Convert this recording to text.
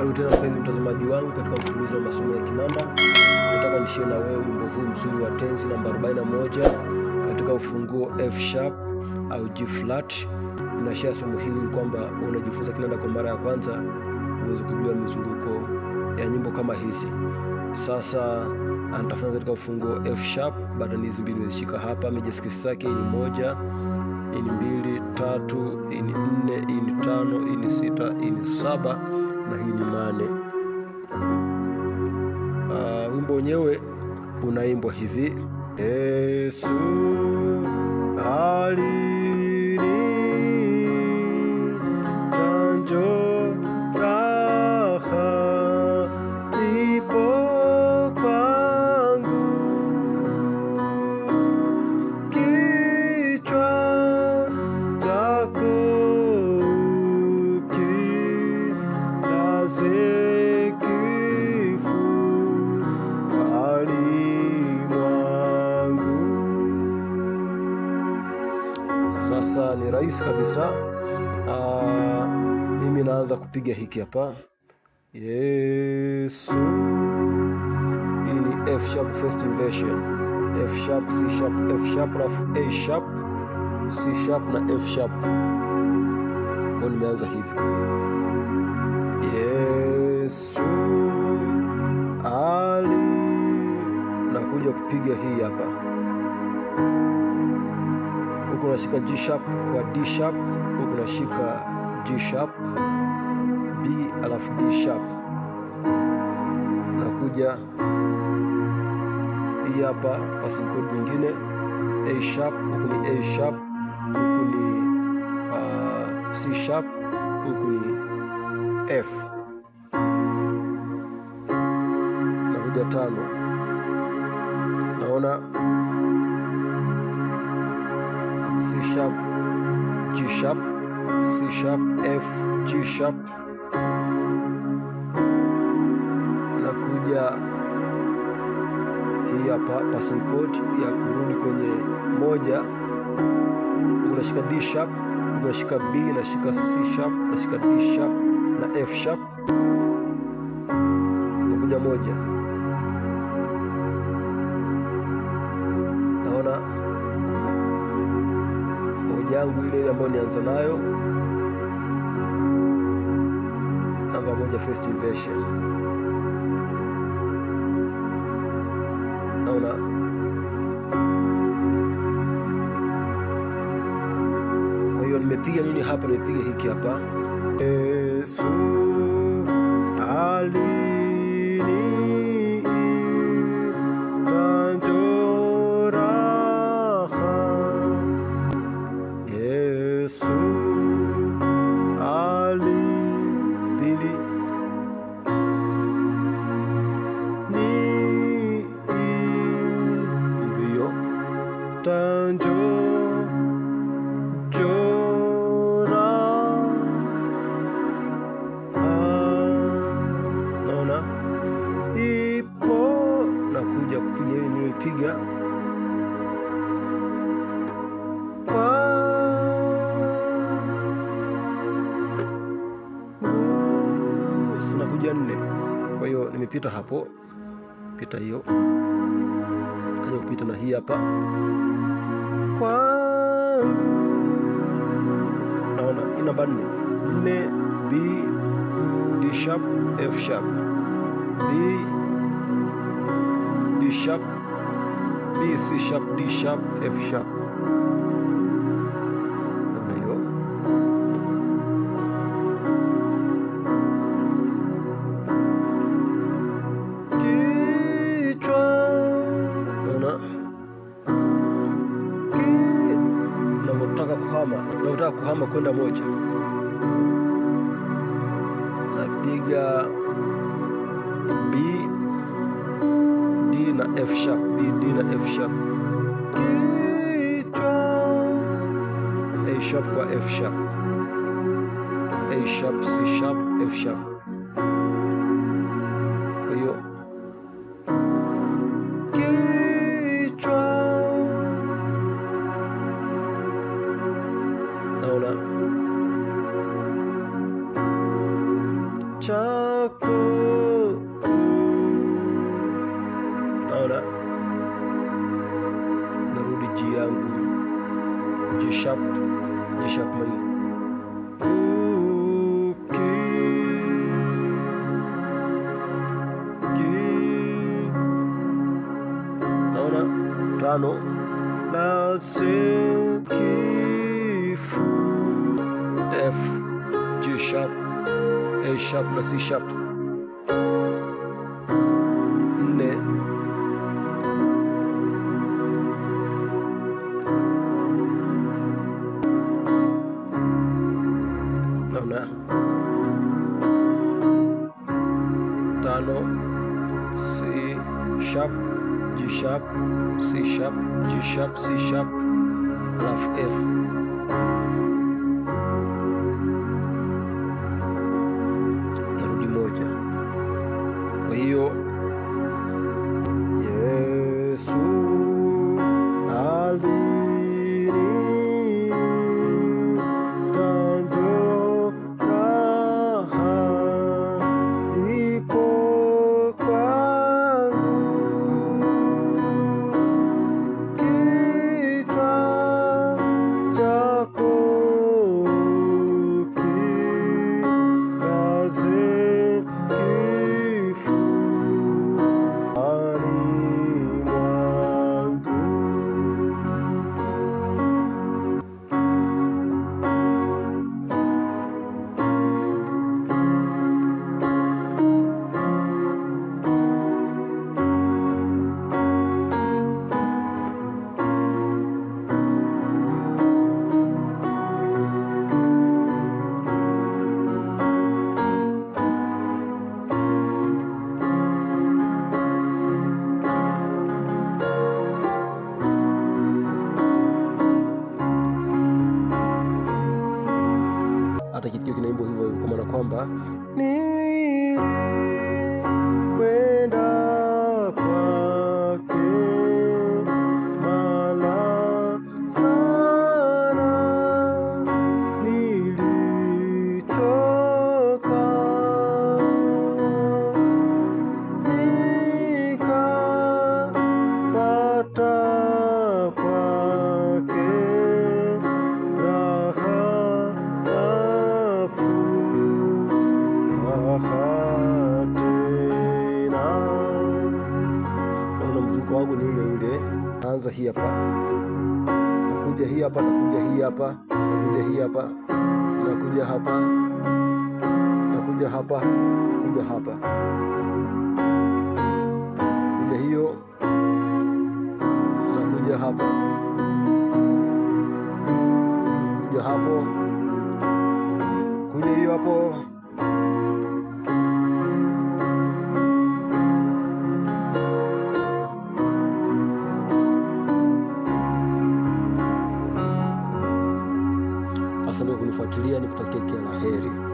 Karibu tena mpenzi mtazamaji wangu katika mfululizo wa masomo ya kinanda. Nataka nishie na wewe wimbo huu mzuri wa tenzi namba 41 katika ufunguo F sharp au G flat. Nashia somo hili kwamba unajifunza kinanda kwa mara ya kwanza uweze kujua mizunguko ya nyimbo kama hizi. Sasa anatafanya katika ufunguo F sharp, baada hizi mbili nimezishika hapa, meja skesi zake ni moja ini mbili tatu ini nne ini tano ini sita ini saba na hii ni nane. Uh, wimbo wenyewe unaimbwa hivi: Yesu ali Sasa ni rahisi kabisa. Ah, mimi naanza kupiga hiki hapa Yesu. Hii ni F sharp first inversion, F sharp, C sharp, F sharp na A sharp, C sharp na F sharp. Kwa nimeanza hivyo Yesu ali, nakuja kupiga hii hapa huku unashika G sharp kwa D sharp, huku unashika G sharp B alafu D sharp, nakuja hii hapa passing chord nyingine A sharp, huku ni A sharp, huku ni uh, C sharp, huku ni F, nakuja tano, naona C sharp, G sharp, C sharp, F, G sharp. Nakuja hii hapa passing chord ya kurudi kwenye moja, unashika D sharp, unashika B, nashika C sharp, unashika D sharp na F sharp, nakuja moja, naona yangu ile ambayo nianza nayo namba moja, first inversion. Naona kwa hiyo nimepiga nini hapa, nimepiga hiki hapa Yesu alini moja nne. Kwa hiyo nimepita hapo, pita hiyo kaja kupita na hii hapa kwangu, naona hii namba nne nne B D sharp F sharp B D sharp B C sharp D sharp F sharp kuhama kwenda moja, napiga B D na F sharp, B D na F sharp, A sharp kwa F sharp, A sharp C sharp F sharp G yangu G sharp, G sharp Naona tano nasikifu F G sharp A sharp na C sharp sharp, G sharp, C sharp, G sharp, C sharp, alafu F. kwamba nili kidogo ni ule ule. Naanza hii hapa, nakuja hii hapa, nakuja hii hapa, nakuja hii hapa, nakuja hapa, nakuja hapa, nakuja hapa, kuja hiyo, nakuja hapa, kuja hapo, kuja hiyo hapo kufuatilia, kutakia kila la heri.